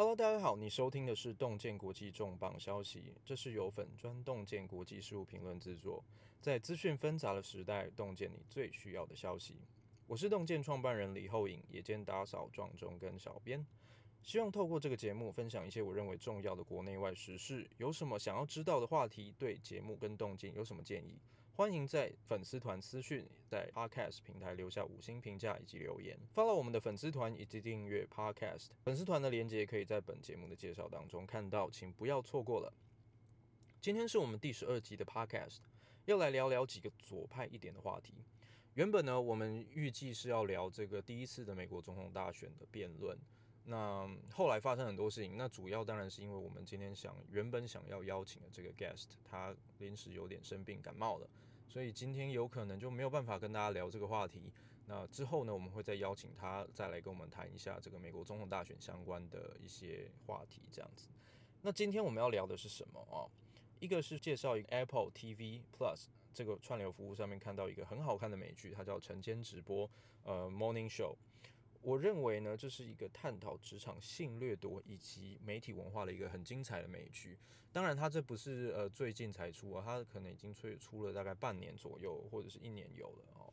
Hello，大家好，你收聽的是洞見國際重磅消息，這是由粉專洞見國際事務評論製作。在資訊紛雜的時代，洞見你最需要的消息。我是洞見創辦人李厚穎，夜間打掃、撞鐘跟小編。希望透過這個節目，分享一些我認為重要的國內外時事。有什麼想要知道的話題？對節目跟洞見有什麼建議？歡迎在粉絲團私訊，在 Podcast 平台留下五星評價以及留言，Follow 我們的粉絲團以及訂閱 Podcast 粉絲團的鏈接可以在本節目的介紹當中看到，請不要錯過了。今天是我們第十二集的 Podcast，要來聊聊幾個左派一點的話題。原本呢，我們預計是要聊這個第一次的美國總統大選的辯論，那後來發生很多事情，那主要當然是因為我們今天想原本想要邀請的這個 Guest，他臨時有點生病感冒了。所以今天有可能就沒有辦法跟大家聊這個話題。那之後呢，我們會再邀請他再來跟我們談一下這個美國總統大選相關的一些話題。這樣子，那今天我們要聊的是什麼哦？一個是介紹一個 Apple TV Plus 這個串流服務上面看到一個很好看的美劇，它叫《晨間直播》呃 Morning Show。我認為呢，這是一個探討職場性掠奪以及媒體文化的一個很精彩的美劇。當然，它這不是呃最近才出啊，它可能已經出出了大概半年左右，或者是一年有了哦。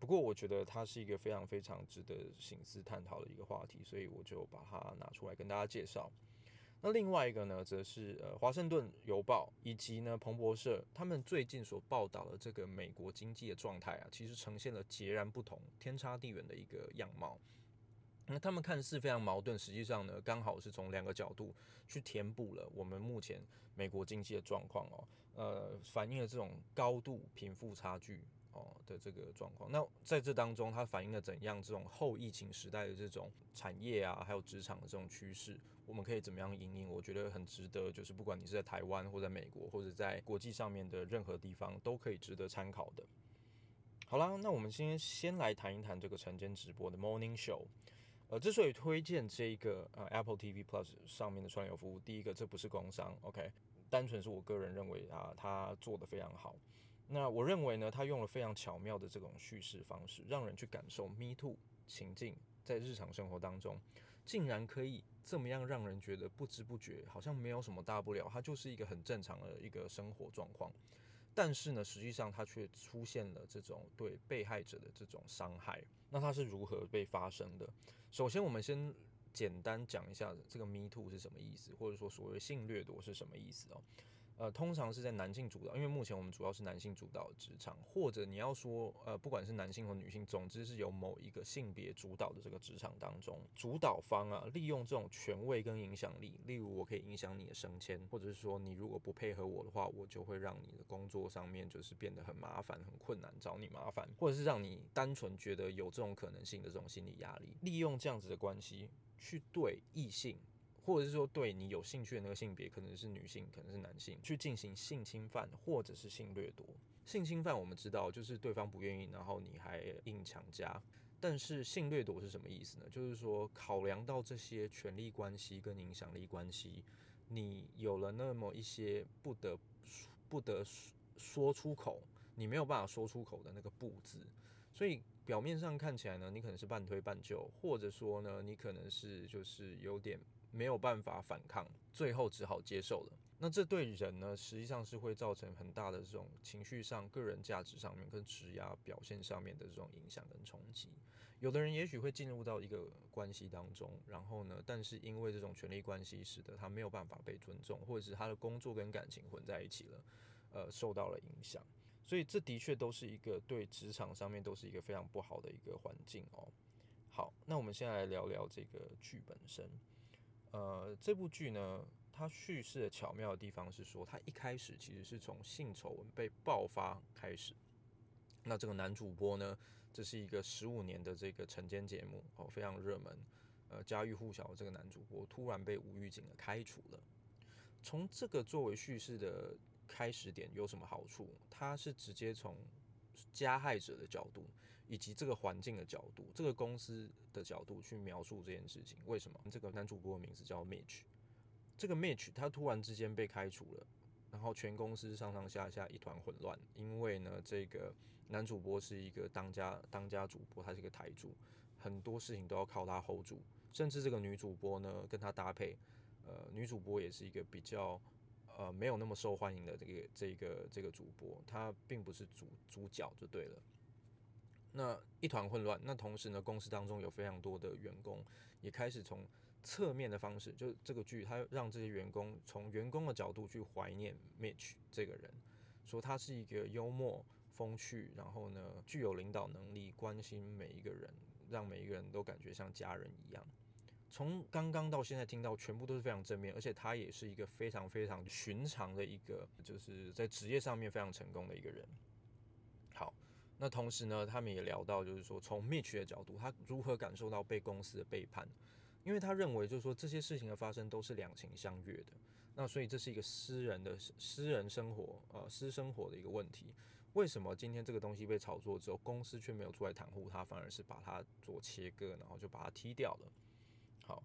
不過，我覺得它是一個非常非常值得深思探討的一個話題，所以我就把它拿出來跟大家介紹。那另外一個呢，則是呃《華盛頓郵報》以及呢《彭博社》他們最近所報道的這個美國經濟的狀態啊，其實呈現了截然不同、天差地遠的一個樣貌。那他們看似非常矛盾，實際上呢，剛好是從兩個角度去填補了我們目前美國經濟的狀況哦。呃，反映了這種高度貧富差距哦的這個狀況。那在這當中，它反映了怎樣這種後疫情時代的這種產業啊，還有職場的這種趨勢，我們可以怎麼樣引領，我覺得很值得，就是不管你是在台灣或者在美國，或者在國際上面的任何地方，都可以值得參考的。好了，那我們今天先來談一談這個晨間直播的 Morning Show。呃，之所以推薦這一個呃 Apple TV Plus 上面的串流服務，第一個這不是工商，OK，單純是我個人認為啊，它做得非常好。那我認為呢，它用了非常巧妙的這種敘事方式，讓人去感受 Me Too 情境在日常生活當中竟然可以這麼樣讓人覺得不知不覺好像沒有什麼大不了，它就是一個很正常的一個生活狀況。但是呢，實際上它卻出現了這種對被害者的這種傷害。那它是如何被發生的？首先，我們先簡單講一下這個 “me too” 是什麼意思，或者說所謂性掠奪是什麼意思哦。呃，通常是在男性主導，因為目前我們主要是男性主導的職場，或者你要說，呃，不管是男性和女性，總之是由某一個性別主導的這個職場當中，主導方啊，利用這種權威跟影響力，例如我可以影響你的升遷，或者是說你如果不配合我的話，我就會讓你的工作上面就是變得很麻煩、很困難，找你麻煩，或者是讓你單純覺得有這種可能性的這種心理壓力，利用這樣子的關係去對異性。或者是說對你有興趣的那個性別，可能是女性，可能是男性，去進行性侵犯或者是性掠奪。性侵犯我們知道就是對方不願意，然後你還硬強加。但是性掠奪是什麼意思呢？就是說考量到這些權力關係跟影響力關係，你有了那麼一些不得不得說說出口，你沒有辦法說出口的那個不字。所以表面上看起來呢，你可能是半推半就，或者說呢，你可能是就是有點。沒有辦法反抗，最後只好接受了。那這對人呢，實際上是會造成很大的這種情緒上、個人價值上面跟職業表現上面的這種影響跟衝擊。有的人也許會進入到一個關係當中，然後呢，但是因為這種權力關係使得他沒有辦法被尊重，或者是他的工作跟感情混在一起了，呃，受到了影響。所以這的確都是一個對職場上面都是一個非常不好的一個環境哦。好，那我們先來聊聊這個劇本身。呃，這部劇呢，它敘事的巧妙的地方是說，它一開始其實是從性醜聞被爆發開始。那這個男主播呢，這是一個十五年的這個晨間節目哦，非常熱門，呃，家喻戶曉的這個男主播突然被無預警的開除了。從這個作為敘事的開始點有什麼好處？它是直接從加害者的角度，以及這個環境的角度，這個公司的角度去描述這件事情，為什麼這個男主播的名字叫 Mitch 這個 Mitch 他突然之間被開除了，然後全公司上上下下一團混亂，因為呢，這個男主播是一個當家當家主播，他是一個台柱，很多事情都要靠他 hold 住，甚至這個女主播呢跟他搭配，呃，女主播也是一個比較呃沒有那麼受歡迎的這個這個這個主播，她並不是主主角就對了。那一團混亂。那同時呢，公司當中有非常多的員工也開始從側面的方式，就這個劇，他讓這些員工從員工的角度去懷念 Mitch 這個人，說他是一個幽默風趣，然後呢，具有領導能力，關心每一個人，讓每一個人都感覺像家人一樣。從剛剛到現在聽到全部都是非常正面，而且他也是一個非常非常尋常的一個，就是在職業上面非常成功的一個人。那同時呢，他們也聊到，就是說，從密 i 的角度，他如何感受到被公司的背叛，因為他認為，就是說，這些事情的發生都是兩情相悅的。那所以這是一個私人的私人生活，呃，私生活的一個問題。為什麼今天這個東西被炒作之後，公司卻沒有出來袒護他，反而是把他做切割，然後就把他踢掉了？好，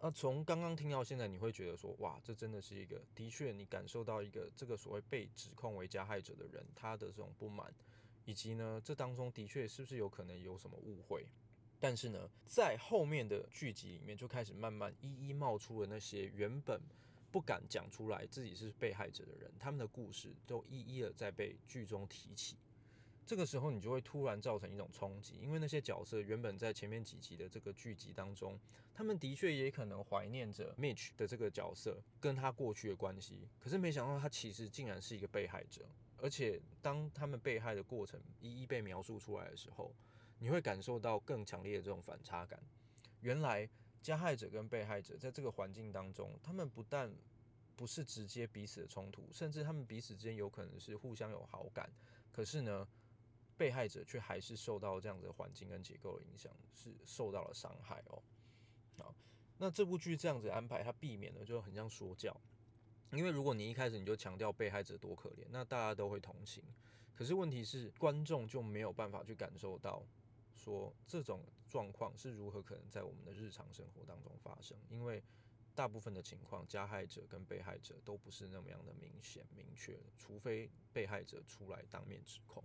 那從剛剛聽到現在，你會覺得說，哇，這真的是一個，的確，你感受到一個這個所謂被指控為加害者的人，他的這種不滿。以及呢，這當中的確是不是有可能有什麼誤會？但是呢，在後面的劇集裡面，就開始慢慢一一冒出了那些原本不敢講出來自己是被害者的人，他們的故事都一一的在被劇中提起。這個時候，你就會突然造成一種衝擊，因為那些角色原本在前面幾集的這個劇集當中，他們的確也可能懷念着 Mitch 的這個角色跟他過去的關係，可是沒想到他其實竟然是一個被害者。而且，當他們被害的過程一一被描述出來的時候，你會感受到更強烈的這種反差感。原來，加害者跟被害者在這個環境當中，他們不但不是直接彼此的衝突，甚至他們彼此之間有可能是互相有好感。可是呢，被害者却還是受到這樣子的環境跟結構的影響，是受到了傷害哦。好，那這部劇這樣子的安排，它避免了就很像說教。因為如果你一開始你就強調被害者多可憐，那大家都會同情。可是問題是，觀眾就沒有辦法去感受到，說這種狀況是如何可能在我們的日常生活當中發生。因為大部分的情況，加害者跟被害者都不是那麼樣的明顯明確，除非被害者出來當面指控。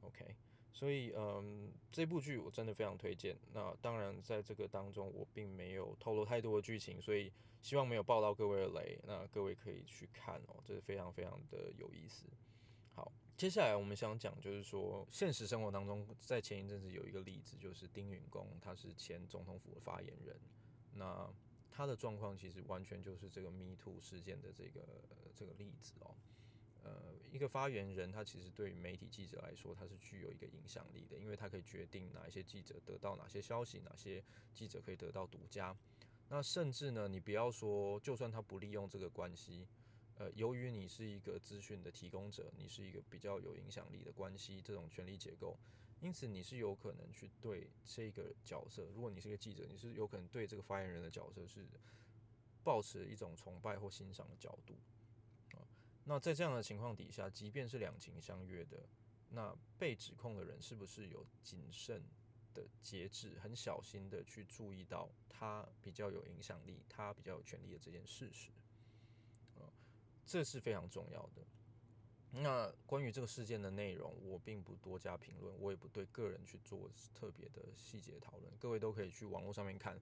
OK。所以，嗯，這部劇我真的非常推薦。那當然，在這個當中，我並沒有透露太多的劇情，所以希望沒有爆到各位的雷。那各位可以去看哦，這、就是非常非常的有意思。好，接下來我們想講就是說，現實生活當中，在前一陣子有一個例子，就是丁允恭，他是前總統府的發言人，那他的狀況其實完全就是這個 “me too” 事件的這個這個例子哦。呃，一個發言人，他其實對於媒體記者來說，他是具有一個影響力的，因為他可以決定哪一些記者得到哪些消息，哪些記者可以得到獨家。那甚至呢，你不要說，就算他不利用這個關係，呃，由於你是一個資訊的提供者，你是一個比較有影響力的關係，這種權力結構，因此你是有可能去對這個角色，如果你是一個記者，你是有可能對這個發言人的角色是抱持一種崇拜或欣賞的角度。那在這樣的情況底下，即便是兩情相悅的，那被指控的人是不是有謹慎的節制、很小心的去注意到他比較有影響力、他比較有權力的這件事實？啊，這是非常重要的。那關於這個事件的內容，我並不多加評論，我也不對個人去做特別的細節討論。各位都可以去網絡上面看，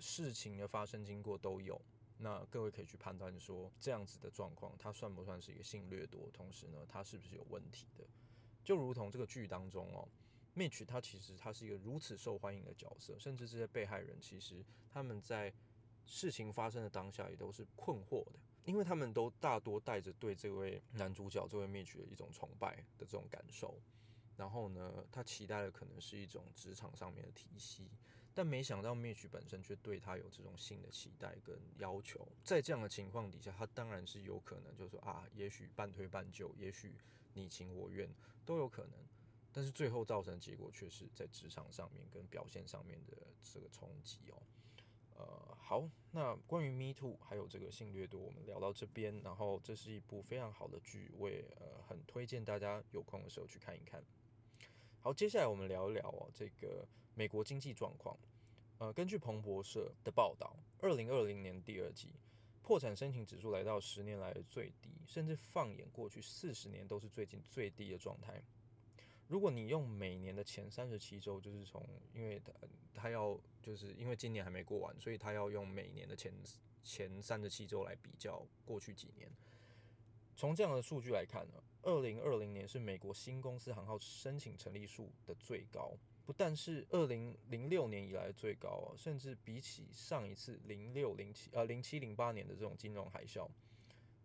事情的發生經過都有。那各位可以去判斷說，這樣子的狀況，它算不算是一個性掠奪？同時呢，它是不是有問題的？就如同這個劇當中哦，Mitch 他其實他是一個如此受歡迎的角色，甚至這些被害人其實他們在事情發生的當下也都是困惑的，因為他們都大多帶着對這位男主角這位 Mitch 的一種崇拜的這種感受，然後呢，他期待的可能是一種職場上面的體系。但沒想到 Mitch 本身卻對他有這種性的期待跟要求。在這樣的情況底下，他當然是有可能，就是說啊，也許半推半就，也許你情我願都有可能。但是最後造成的結果，卻是在職場上面跟表現上面的這個衝擊哦。呃，好，那關於 Me Too 還有這個性掠奪，我們聊到這邊。然後這是一部非常好的劇，我也呃很推薦大家有空的時候去看一看。好，接下來我們聊一聊哦這個。美國經濟狀況，呃，根據彭博社的報道，二零二零年第二季破產申請指數來到十年來的最低，甚至放眼過去四十年都是最近最低的狀態。如果你用每年的前三十七周，就是從，因為他，他要就是因為今年還沒過完，所以他要用每年的前前三十七周來比較過去幾年。從這樣的數據來看呢，二零二零年是美國新公司行號申請成立數的最高。不但是二零零六年以來最高啊，甚至比起上一次零六零七啊，零七零八年的這種金融海嘯，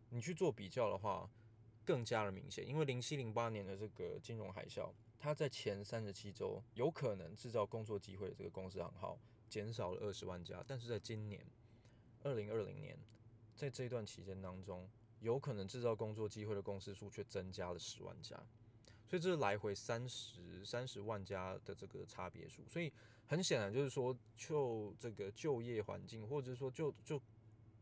你去做比較的話，更加的明顯。因為零七零八年的這個金融海嘯，它在前三十七周有可能製造工作機會的這個公司行號減少了二十萬家，但是在今年二零二零年，在這一段期間當中，有可能製造工作機會的公司數卻增加了十萬家。所以這是來回三十三十萬家的這個差別數，所以很顯然就是說，就這個就業環境，或者說就就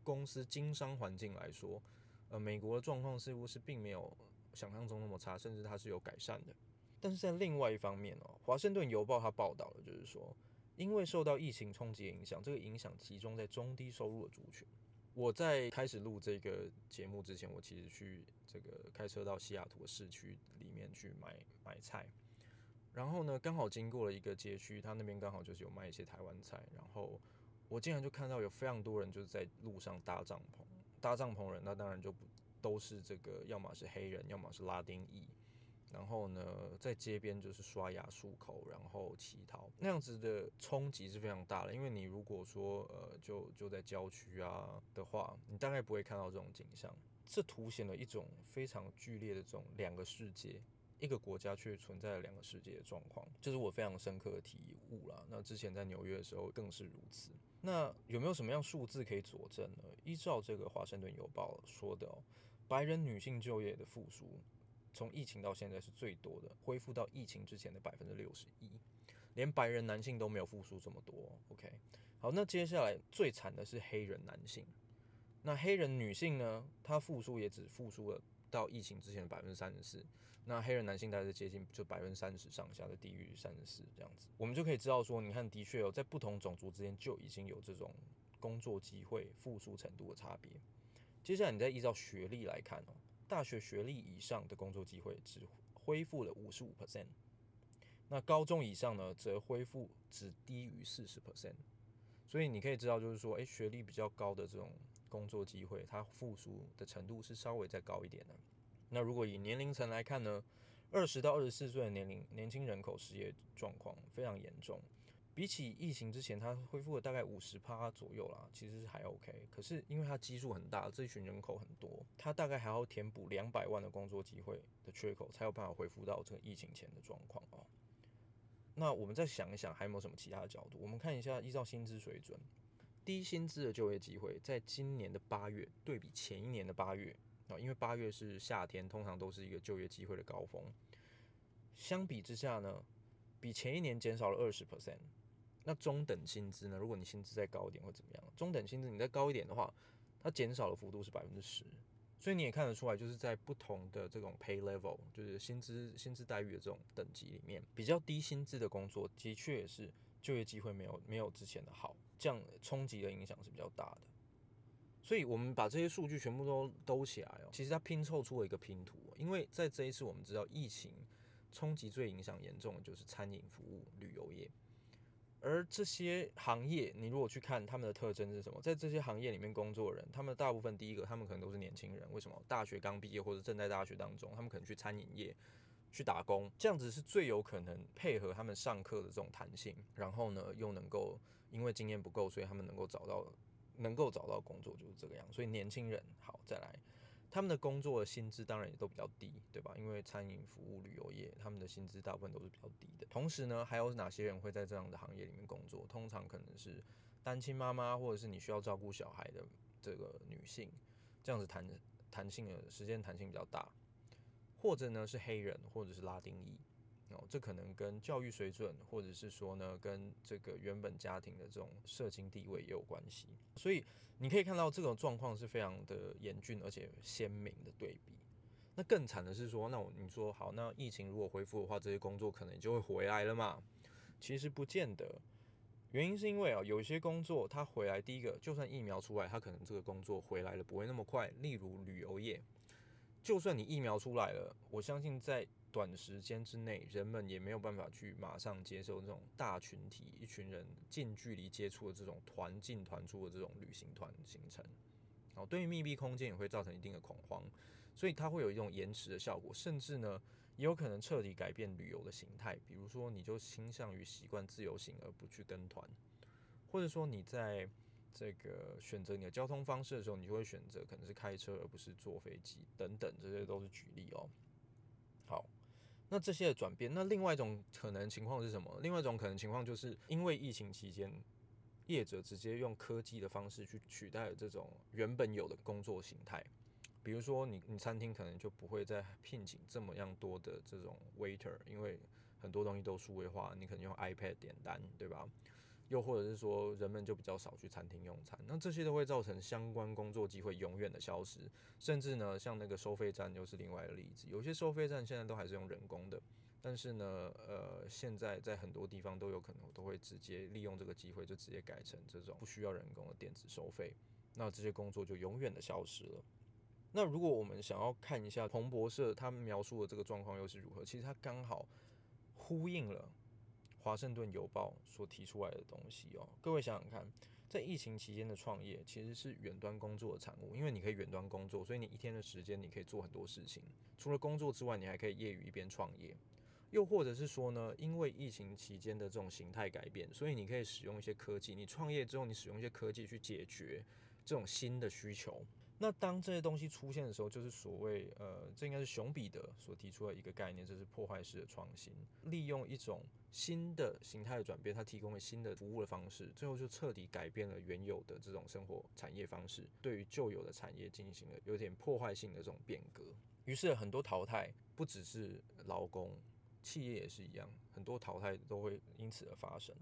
公司經商環境來說，呃，美國的狀況似乎是並沒有想象中那麼差，甚至它是有改善的。但是在另外一方面哦，華盛頓郵報它報道了，就是說，因為受到疫情衝擊的影響，這個影響集中在中低收入的族群。我在開始錄這個節目之前，我其實去這個開車到西雅圖市區裡面去買買菜，然後呢，剛好經過了一個街區，他那邊剛好就是有賣一些台灣菜，然後我竟然就看到有非常多人就是在路上搭帳篷，搭帳篷人那當然就不都是這個，要麼是黑人，要麼是拉丁裔。然後呢，在街邊就是刷牙漱口，然後乞討，那樣子的衝擊是非常大的，因為你如果說呃，就就在郊區啊的話，你大概不會看到這種景象。這凸顯了一種非常劇烈的這種兩個世界，一個國家卻存在了兩個世界的狀況，這、就是我非常深刻的體悟啦。那之前在紐約的時候更是如此。那有沒有什麼樣數字可以佐證呢？依照這個《華盛頓郵報》說的、哦，白人女性就業的復甦。從疫情到現在是最多的，恢復到疫情之前的百分之六十一，連白人男性都沒有復甦這麼多哦，OK，好，那接下來最慘的是黑人男性，那黑人女性呢？她復甦也只復甦了到疫情之前的百分之三十四，那黑人男性大概是接近就百分之三十上下的低於三十四這樣子，我們就可以知道說，你看的確有哦，在不同種族之間就已經有這種工作機會復甦程度的差別。接下來你再依照學歷來看哦。大學學歷以上的工作機會只恢復了五十五 percent，那高中以上呢，則恢復只低於四十 percent。所以你可以知道，就是說，哎、欸，學歷比較高的這種工作機會，它復甦的程度是稍微再高一點的。那如果以年齡層來看呢，二十到二十四歲的年齡，年輕人口失業狀況非常嚴重。比起疫情之前，它恢復了大概五十趴左右啦，其實是還 OK。可是因為它基數很大，這一群人口很多，它大概還要填補兩百萬的工作機會的缺口，才有辦法恢復到這個疫情前的狀況哦。那我們再想一想，還有沒有什麼其他的角度？我們看一下，依照薪資水準，低薪資的就業機會，在今年的八月對比前一年的八月啊，因為八月是夏天，通常都是一個就業機會的高峰。相比之下呢，比前一年減少了二十 percent。那中等薪資呢？如果你薪資再高一點會怎麼樣？中等薪資你再高一點的話，它減少的幅度是百分之十，所以你也看得出來，就是在不同的這種 pay level，就是薪資薪資待遇的這種等級裡面，比較低薪資的工作的確也是就業機會沒有沒有之前的好，這樣衝擊的影響是比較大的。所以我們把這些數據全部都兜起來哦，其實它拼湊出了一個拼圖，因為在這一次我們知道疫情衝擊最影響嚴重的就是餐飲服務、旅遊業。而這些行業，你如果去看他們的特徵是什麼？在這些行業裡面工作的人，他們大部分第一個，他們可能都是年輕人。為什麼？大學剛畢業或者正在大學當中，他們可能去餐飲業去打工，這樣子是最有可能配合他們上課的這種彈性。然後呢，又能夠因為經驗不夠，所以他們能夠找到能夠找到工作，就是這個樣。所以年輕人，好，再來。他們的工作的薪資當然也都比較低，對吧？因為餐飲服務、旅遊業，他們的薪資大部分都是比較低的。同時呢，還有哪些人會在這樣的行業裡面工作？通常可能是單親媽媽，或者是你需要照顧小孩的這個女性，這樣子彈彈性的時間彈性比較大。或者呢，是黑人，或者是拉丁裔。這可能跟教育水準，或者是說呢，跟這個原本家庭的這種社經地位也有關係。所以你可以看到這種狀況是非常的嚴峻，而且鮮明的對比。那更慘的是說，那我你說好，那疫情如果恢復的話，這些工作可能也就會回來了嘛？其實不見得，原因是因為啊、哦，有一些工作它回來，第一個就算疫苗出來，它可能這個工作回來了不會那麼快。例如旅遊業，就算你疫苗出來了，我相信在短時間之內，人們也沒有辦法去馬上接受這種大群體、一群人近距離接觸的這種團進團出的這種旅行團行程。哦，對於密閉空間也會造成一定的恐慌，所以它會有一種延遲的效果，甚至呢也有可能徹底改變旅遊的形態。比如說，你就傾向於習慣自由行而不去跟團，或者說你在這個選擇你的交通方式的時候，你就會選擇可能是開車而不是坐飛機等等，這些都是舉例哦。那這些的轉變，那另外一種可能情況是什麼？另外一種可能情況就是因為疫情期間，業者直接用科技的方式去取代了這種原本有的工作形態，比如說你你餐廳可能就不會再聘請這麼樣多的這種 waiter，因為很多東西都數位化，你可能用 iPad 點單，對吧？又或者是說，人們就比較少去餐廳用餐，那這些都會造成相關工作機會永遠的消失。甚至呢，像那個收費站又是另外的例子，有些收費站現在都還是用人工的，但是呢，呃，現在在很多地方都有可能都會直接利用這個機會，就直接改成這種不需要人工的電子收費，那這些工作就永遠的消失了。那如果我們想要看一下彭博社他們描述的這個狀況又是如何，其實它剛好呼應了。《華盛頓郵報》所提出來的東西哦，各位想想看，在疫情期間的創業其實是遠端工作的產物，因為你可以遠端工作，所以你一天的時間你可以做很多事情。除了工作之外，你還可以業餘一邊創業。又或者是說呢，因為疫情期間的這種形態改變，所以你可以使用一些科技。你創業之後，你使用一些科技去解決這種新的需求。那當這些東西出現的時候，就是所謂呃，這應該是熊彼得所提出的一個概念，這是破壞式的創新，利用一種新的形態的轉變，它提供了新的服務的方式，最後就徹底改變了原有的這種生活產業方式，對於舊有的產業進行了有點破壞性的這種變革。於是很多淘汰，不只是勞工，企業也是一樣，很多淘汰都會因此而發生。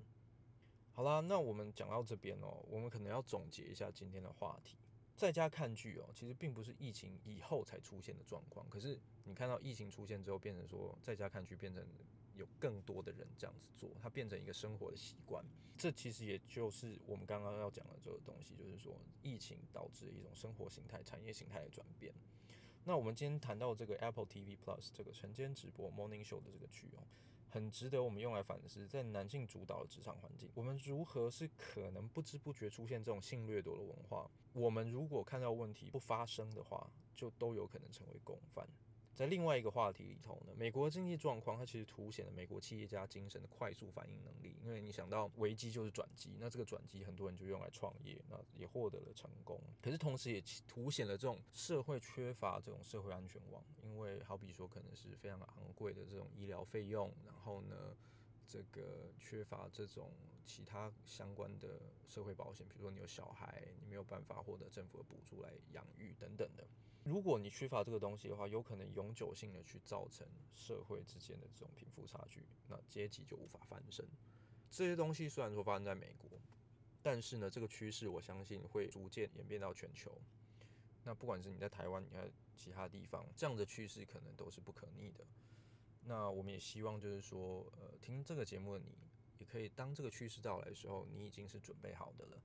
好啦，那我們講到這邊哦，我們可能要總結一下今天的話題。在家看劇哦，其實並不是疫情以後才出現的狀況。可是你看到疫情出現之後，變成說在家看劇，變成有更多的人這樣子做，它變成一個生活的習慣。這其實也就是我們剛剛要講的這個東西，就是說疫情導致一種生活形態、產業形態的轉變。那我們今天談到這個 Apple TV Plus 這個晨間直播 Morning Show 的這個劇哦。很值得我們用來反思，在男性主導的職場環境，我們如何是可能不知不覺出現這種性掠奪的文化？我們如果看到問題不發聲的話，就都有可能成為共犯。在另外一個話題裡頭呢，美國經濟狀況它其實凸顯了美國企業家精神的快速反應能力。因為你想到危機就是轉機，那這個轉機很多人就用來創業，那也獲得了成功。可是同時也凸顯了這種社會缺乏這種社會安全網，因為好比說可能是非常昂貴的這種醫療費用，然後呢，這個缺乏這種其他相關的社會保險，比如說你有小孩，你沒有辦法獲得政府的補助來養育等等的。如果你缺乏這個東西的話，有可能永久性的去造成社會之間的這種貧富差距，那階級就無法翻身。這些東西雖然說發生在美國，但是呢，這個趨勢我相信會逐漸演變到全球。那不管是你在台灣，你在其他地方，這樣的趨勢可能都是不可逆的。那我們也希望就是說，呃，聽這個節目的你，也可以當這個趨勢到來的時候，你已經是準備好的了。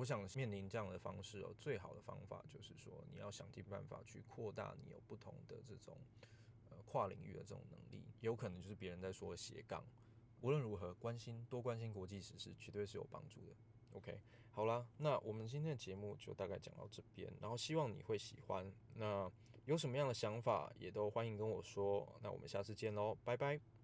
我想面臨這樣的方式哦，最好的方法就是說，你要想盡辦法去擴大你有不同的這種呃跨領域的這種能力，有可能就是別人在說斜槓。無論如何，關心多關心國際時事，絕對是有幫助的。OK，好啦，那我們今天的節目就大概講到這邊，然後希望你會喜歡。那有什麼樣的想法，也都歡迎跟我說。那我們下次見嘍，拜拜。